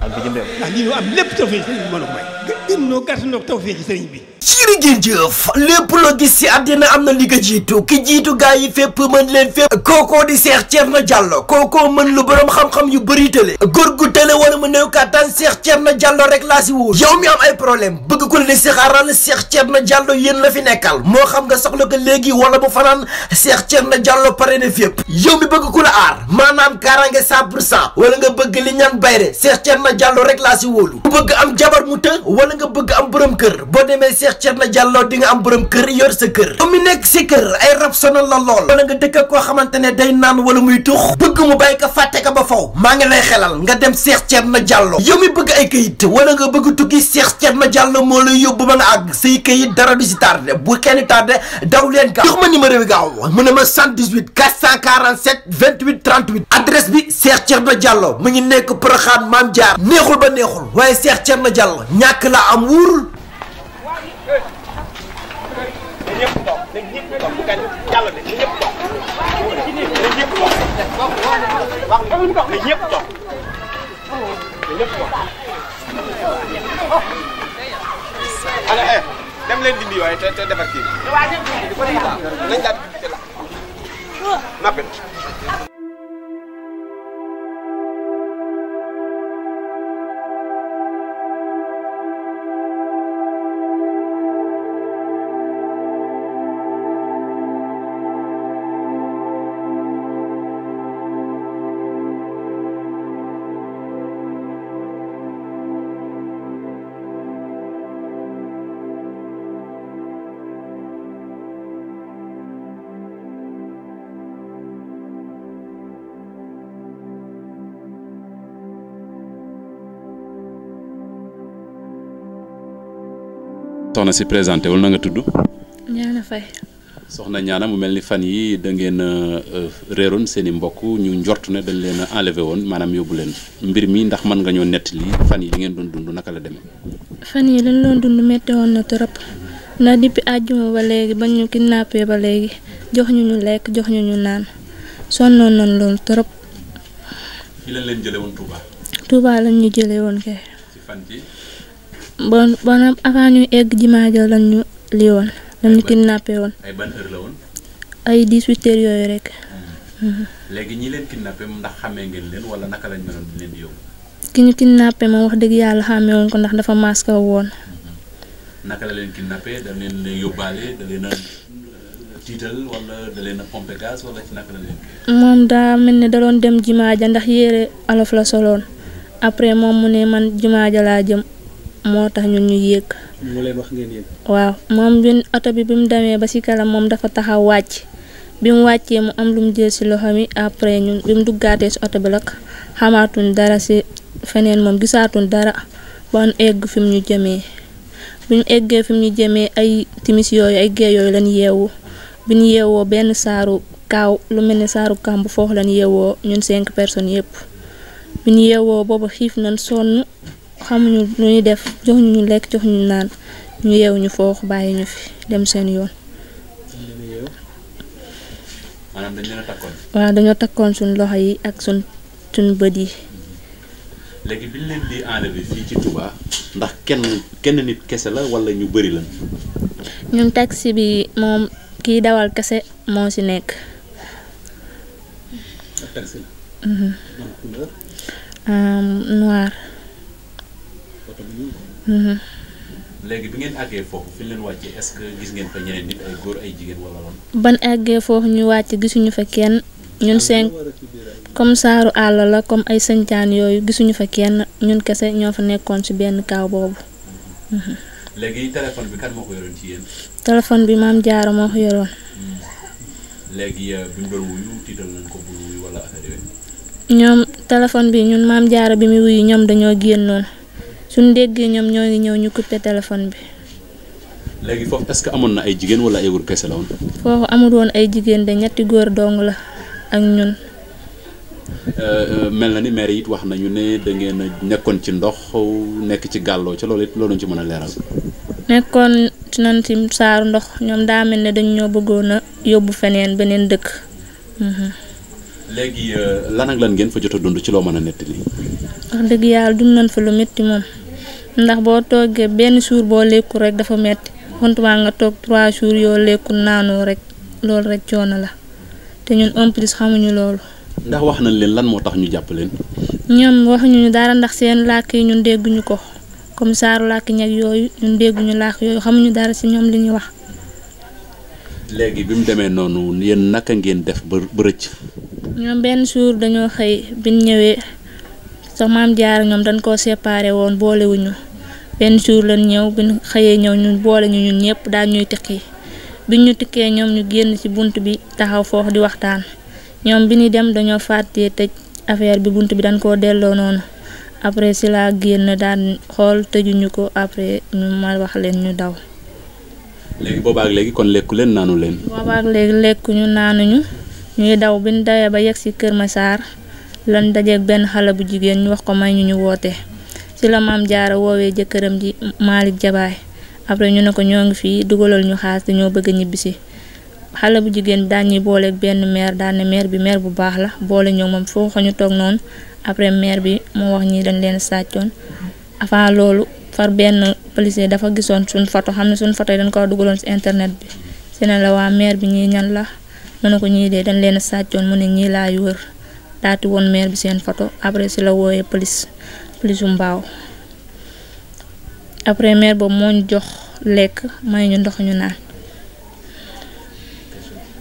ak bitim lépp tawfeex sëriñ bi mën a may. gën noo lépp loo gis ci àddina am na li ko jiitu ki jiitu gaa yi fépp mën leen fépp kookoo di seex Thierno Diallo kookoo mën lu boroom xam-xam yu bëri tële góor gu tële wala mu néew kàttan seex na Diallo rek laa si wóor yow mi am ay problème bëgg ko leen seexaaral seex na jàllo yéen la fi nekkal moo xam nga soxla ko léegi wala bu fanaan seex na jàllo pare na fépp yow mi bëgg ku la aar maanaam kaaraange 100 pour saa wala nga bëgg li ñaan bayre seex Thierno Cerna Diallo rek laa si wóolu ku bëgg am jabar mu të wala nga bëgg am borom kër boo demee Cheikh Cerna Diallo di nga am borom kër yor sa kër comme nekk si kër ay rab sonal lool wala nga dëkk koo xamante ne day naan wala muy tux bëgg mu bàyyi ko fàtte ko ba faw maa ngi lay xelal nga dem Cheikh Cerna Diallo yow mi bëgg ay kayit wala nga bëgg tukki Cheikh Cerna Diallo moo la yóbbu ba nga àgg say kayit dara du si tardé bu kenn tardé daw leen gaaw ma numéro bi gaaw mu ne ma 118 447 28 38 adresse bi Cheikh Cerna Diallo mu nekk Porokhane Mame Diar neexul ba neexul waaye seex Cheikh na Diallo ñàkk la am wóorul. Eh, dem leen dindi waaye te te defar kii nañ daal nappi soxna si présenté wul na nga tudd. ñaana fay. soxna ñaana mu mel ni fan yi da ngeen euh, euh, réeroon seen i mbokk ñu njort ne dañ leen a enlevé woon maanaam yóbbu leen mbir mi ndax mën nga ñoo nett lii fan yi li ngeen doon dund naka la demee. fan yi lañ doon dund metti woon na trop ndax depuis àjjuma ba léegi ba ñu kidnappé ba léegi jox ñu ñu lekk jox ñu ñu naan sonnoon noon loolu trop. fi lañ leen bon bon avant ñuy egg jimaajo lañ ñu woon lañ ñu woon. ay ban heure yooyu rek. Hmm. Hmm. ki ñu kidnappé ma wax dëgg yàlla xamee woon ko ndax dafa masque woon. Hmm. da euh, moom daa mel ni daloon doon dem jimaaja ndax yére alof la soloon après moom mu ne man jimaaja laa jëm. moo tax ñu ñu yéeg. waaw moom bi oto bi bi mu demee ba ci kanam moom dafa taxaw wàcc bi mu wàccee mu am lu mu jël ci loxo mi après ñu bi mu duggaatee ci oto bi nag xamaatuñ dara ci feneen moom gisaatuñ dara ba ñu egg fi mu ñu jëmee bi ñu eggee fi mu ñu jëmee ay timis yooyu ay gée yooyu lañ yeewu bi ñu yeewoo benn saaru kaaw lu mel ni saaru kàmb foofu lañu yeewoo ñun cinq personnes yépp bi ñu yeewoo boobu xiif nañ sonn. xamuñu lu ñu def jox ñu lekk jox ñu naan ñu yeew foofu bàyyi ñu fi dem seen yoon. maanaam dañ takkoon. dañoo takkoon suñ loxo yi ak suñ suñ bët yi. léegi bi ndax kenn kenn nit kese la wala ñu bëri la. ñun taxi bi moom kiy dawal kese moo ci nekk. taxi Mm-hmm. léegi bi ban àggee foofu ñu wàcc gisuñu fa kenn ñun seen comme saaru àll la comme ay sëncaan yooyu gisuñu fa kenn ñun kese ñoo fa nekkoon ci benn kaaw boobu. Mm-hmm. léegi bi kan moo ko maam Jaara moo ko mm-hmm. euh, ñoom téléphone bi ñun maam Jaara bi mu wuyu ñoom dañoo génnoon. suñu déggee ñoom ñoo ngi ñëw ñu coupé téléphone bi. léegi foofu est que amoon na ay jigéen wala ay góor kese la foo foofu amul woon ay jigéen de ñetti góor dong la ak ñun. Euh, euh, mel na ni maire it wax nañu ne da ngeen a nekkoon ci ndox nekk ci gàlloo ca loolu it loolu ci mën a leeral. nekkoon ci nañ ci saaru ndox ñoom daa mel ne dañ ñoo bëggoon a yóbbu feneen beneen dëkk. Mhm. léegi euh, lan ak lan ngeen fa jot a dund ci loo mën a nettali. wax dëgg yàlla dund nañ ndax boo toogee benn jour boo lekkul rek dafa metti xontumaa nga toog trois jours yoo lekkul naanoo rek loolu rek coono la te ñun en plus xamuñu loolu. ndax wax nañ leen lan moo tax ñu jàpp ñoom waxuñu ñu dara ndax seen làkk yi ñun dégguñu ko comme saaru làkk ñag yooyu ñun dégguñu làkk yooyu xamuñu dara ci ñoom li ñuy wax. léegi bi mu demee noonu yéen naka ngeen def ba rëcc. ñoom benn jour dañoo xëy bi ñëwee. sax maam jaar ñoom dañ koo séparé woon boolewuñu benn jour lan ñëw bi ñu xëyee ñëw ñun boole ñu ñun ñëpp daal ñuy tikki bi ñu tikkee ñoom ñu génn ci bunt bi taxaw foofu di waxtaan ñoom bi ñuy dem dañoo fàtte tëj affaire bi bunt bi dañ koo delloo noonu après si laa génn daan xool tëjuñu ko après ñu ma wax leen ñu daw. léegi boobaak léegi kon lekku leen bi ñu dawee ba yegg si Kër Massar lan dajeek benn xale bu jigéen ñu wax ko may ñu ñu woote ci la maam jaara woowee jëkkëram ji Malick Jabaay après ñu ne ko ñoo ngi fii dugalal ñu xaas ñoo bëgg a ñibbisi xale bu jigéen bi daan ñuy booleeg benn maire daan ne bi meer bu baax la boole ñoo moom foo ko ñu toog noonu après maire bi moo wax ñii dañ leen sàccoon avant loolu far benn policier dafa gisoon suñ photo xam ne suñ photo yi dañ ko dugaloon ci internet bi si la waa maire bi ñii ñan la mu ne ko ñii dee dañ leen sàccoon mu ne ñii laay wër daati woon maire bi seen photo après si la wooyee police police mbaaw après maire boobu moo jox lekk may ñu ndox ñu naan.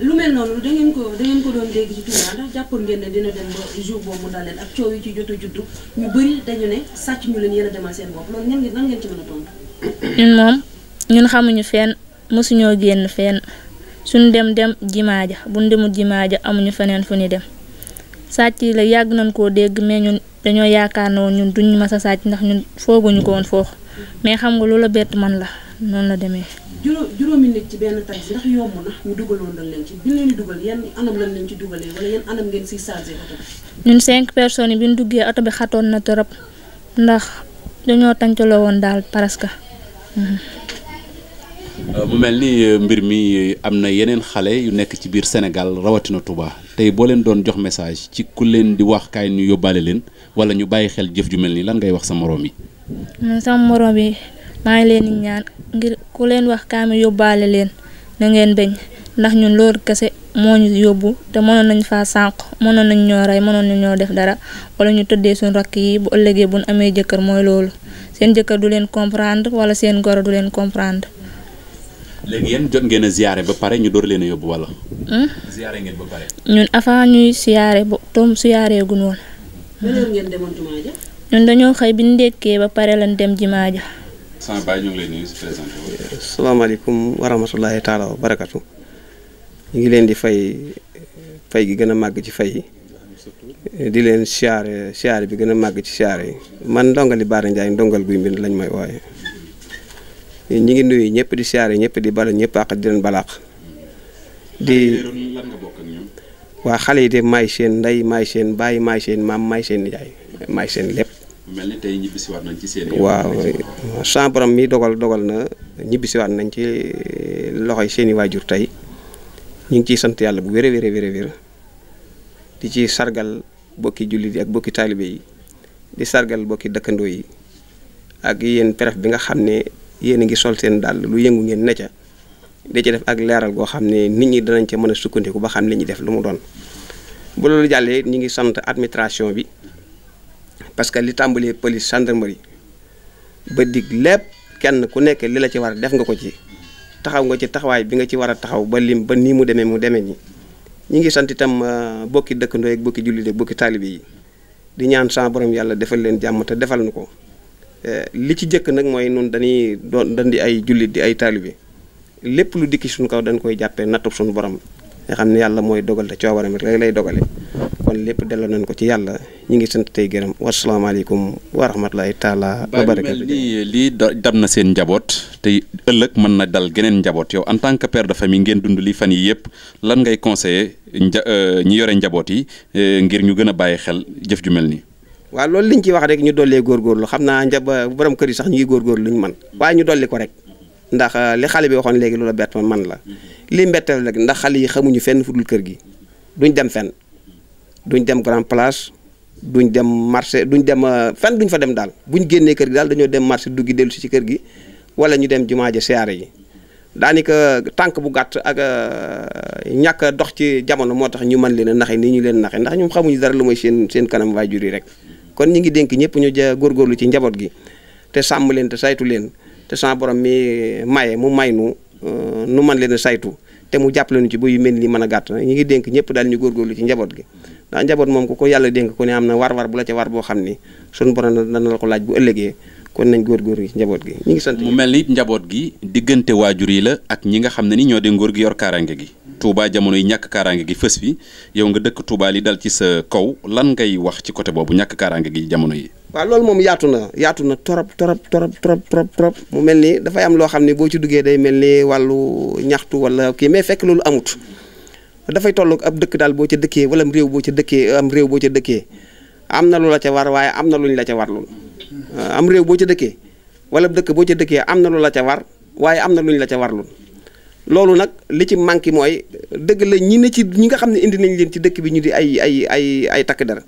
lu mel noonu da ko da ngeen ko doon dégg ci Touba ndax jàppoon ngeen ne dina dem moom ñun xamuñu fenn mësuñoo génn fenn suñu dem dem jimaa jimaaja buñ demul jimaaja amuñu feneen fu ñu dem. sàcc yi la yàgg nañ koo dégg mais ñun dañoo yaakaar ne woon ñun duñ mas a sàcc ndax ñun fooguñu ko woon foofu mais xam nga loola bett man la noonu la demee. juróomi nit ci benn taxi ndax yomb na ñu dugaloon dañ dugal yan wala yan anam ngeen siy chargé ñun cinq personnes yi bi nu duggee oto bi xatoon na trop ndax dañoo tàncaloo woon daal presque. Euh, mu mel ni euh, mbir mi euh, am na yeneen xale yu nekk ci biir Sénégal rawatina tubaa tey boo leen doon jox message ci ku leen di wax kaay ñu yóbbaale leen wala ñu bàyyi xel jëf ju mel nii lan ngay wax sa moroom yi. Mm, sama yi maa leen di ñaan ngir ku leen wax kaay yóbbaale leen na ngeen bañ ndax ñu loolu kese moo ñu yóbbu te mënoon nañ faa sànq mënoon nañ ñoo rey mënoon nañ ñoo def dara wala ñu tëddee suñu rakk yi bu ëllëgee buñ amee jëkkër mooy loolu seen jëkkër du leen comprendre wala seen goro du leen comprendre. léegi yéen jot ngeen a ziyaare ba pare ñu door leen a yóbbu walla. Hmm? ziyaare ngeen ba pare. ñun avant ñuy ziyaare ba toom ziyaaree gu noonu. ñun dañoo xëy bi ñu ndekkee ba pare lan dem jumaa ja. sama baay salaamaaleykum wa rahmatulahi taala wa barakatu. ñu ngi leen di fay fay gi gën a màgg ci fay yi. di leen siyaare siyaare bi gën a màgg ci siyaare yi man ndongali Baara Ndiaye ndongal guy mbind lañ may wooye ñi ngi nuyu ñëpp di siyaare ñëpp di bala ñëpp ak di leen balaax di waa xale yi de maay seen ndey maay seen baay maay seen maam maay seen nijaay maay seen lépp. mel ni tey ñibbisiwaat nañ ci seen waaw sa borom mi dogal dogal na ñibbisiwaat nañ ci loxoy seeni waajur tey ñu ngi ciy sant yàlla bu wéra a wér a di ci sargal bokki jullit yi ak bokki taalibe yi di sargal bokki dëkkandoo yi ak yéen préf bi nga xam ne. yéen a ngi sol seen dàll lu yëngu ngeen ne ca da ci def ak leeral goo xam ne nit ñi danañ ca mën a sukkandiku ba xam li ñuy def lu mu doon. bu loolu jàllee ñu ngi sant administration bi parce que li tàmbalee police gendarmerie ba dig lépp kenn ku nekk li la ci war def nga ko ci taxaw nga ci taxawaay bi nga ci war a taxaw ba lim ba nii mu demee mu demee ni ñu ngi sant itam euh, bokki dëkkandoo ak bokki jullit ak bokki taalibe yi di ñaan sa borom yàlla defal leen jàmm defal nu ko. Eh, li ci jëkk nag mooy noonu dañuy doon dan di ay jullit di ay bi lépp lu dikk suñu kaw dañ koy jàppee nattub suñu borom nga xam ne yàlla mooy dogal te coobaram rek lay lay dogale kon lépp delloo nañ ko ci yàlla ñu ngi sant tey gërëm wasalaamaaleykum wa rahmatulahi taala wa barakatu nii lii dab na seen njaboot te ëllëg mën na dal geneen njaboot yow en tant que père de famille ngeen dund li fan yi yëpp lan ngay conseiller euh, ñi yore njaboot yi euh, ngir ñu gën a bàyyi xel jëf ju mel nii waaw loolu liñ ci wax rek ñu dollee góorgóorlu xam naa njaba borom kër yi sax ñu ngi góorgóorlu luñ mën waaye ñu dolli ko rek ndax euh, li xale bi waxoon léegi loola bett man la li mbetteel rek ndax xale yi xamuñu fenn fudul kër gi duñ dem fenn duñ dem grand place duñ dem marché duñ dem euh, fenn duñ fa dem daal buñ génnee kër gi daal dañoo dem marché duggi dellu si ci kër gi wala ñu dem jumaa ja siyaare yi daanaka tànk bu gàtt ak euh, ñàkk dox ci jamono moo tax ñu mën leen a naxe nii ñu leen naxe ndax ñoom xamuñu dara lu mooy seen seen kanam waajur yi rek kon ñi ngi dénk ñëpp ñu ja góorgóorlu ci njaboot gi te sàmm leen te saytu leen te sama borom mi maye mu may nu euh, nu man leen saytu te mu jàppale nu ci bu yu mel ni mën a gàtt ñi ngi dénk ñëpp daal ñu góorgóorlu ci njaboot gi ndax njaboot moom ku ko yàlla dénk ko ne am na war-war bu la ca war boo xam ni suñu borom dana la ko laaj bu ëllëgee kon nañ góorgóorlu gi njaboot gi ñu ngi sant. mu mel ni njaboot gi diggante waajur yi la ak ñi nga xam ne ni ñoo de ngóor gi yor kaaraange gi. Touba jamono yi ñàkk kaaraange gi fës fi yow nga dëkk tuubaa li dal ci sa kaw lan ngay wax ci côté boobu ñàkk kaaraange gi jamono yi. waa loolu moom yaatu na yaatu na trop trop trop trop trop trop mu mel ni dafay am loo xam ne boo ci duggee day mel ni wàllu ñaxtu wala kii mais fekk loolu amut dafay tollu ab dëkk daal boo ca dëkkee wala réew boo ca dëkkee am réew boo ca dëkkee am na lu la ca war waaye am na luñ la ca warlul am réew boo ca dëkkee wala dëkk boo ca dëkkee am na lu la ca war waaye am na lu ñu la ca warlu loolu nag li ci manqué mooy dëgg la ñi ne ci ñi nga xam ne indi nañ leen ci dëkk bi ñu di ay ay ay ay takk dara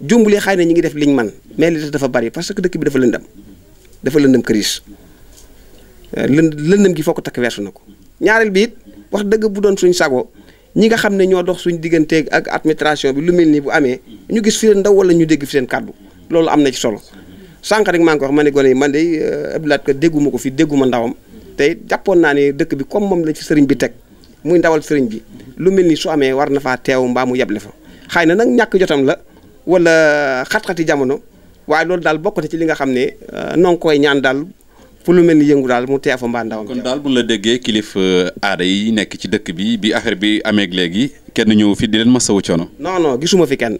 jumbulee xay na ñi ngi def liñ man mais li dafa bari parce que dëkk bi dafa lëndam dafa lëndam këriis lënd lëndam gi foo ko takk weesu na ko ñaareel bi it wax dëgg bu doon suñ sago ñi nga xam ne ñoo dox suñ digganteeg ak administration bi lu mel ni bu amee ñu gis fi ndaw wala ñu dégg fi seen kàddu loolu am na ci solo sànq rek maa ko wax ma ne gone man de euh, Abdoulaye ko dégguma ko fi dégguma ndawam te jàppoon naa ne dëkk bi comme moom la ci sëriñ bi teg muy ndawal sëriñ bi lu mel ni su amee war na faa teew mbaa mu yeble fa xëy na nag ñàkk jotam la wala xat-xati jamono waaye loolu daal bokk na ci li nga xam ne euh, noo koy ñaan daal fu lu mel ni yëngu daal mu teew fa mbaa ndawam. kon daal bu la déggee kilif euh, aada yi nekk ci dëkk bi bi affaire bi amee léegi kenn ñëw fi di leen masawu coono. non non gisuma fi kenn.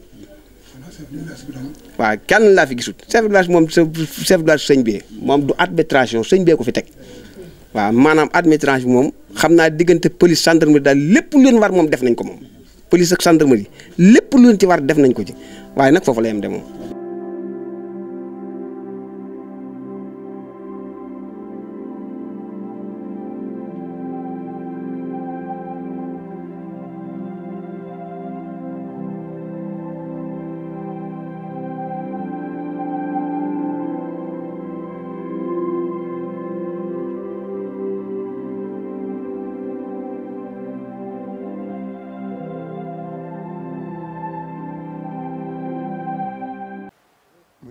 waaw kenn laa fi gisut chef de moom chef de village sëñ bi moom du administration sëñ bee ko fi teg waaw maanaam administration bi moom xam naa diggante police gendarmerie daal lépp lu leen war moom def nañ ko moom police ak gendarmerie lépp lu leen ci war def nañ ko ci waaye nag foofu la yam de moom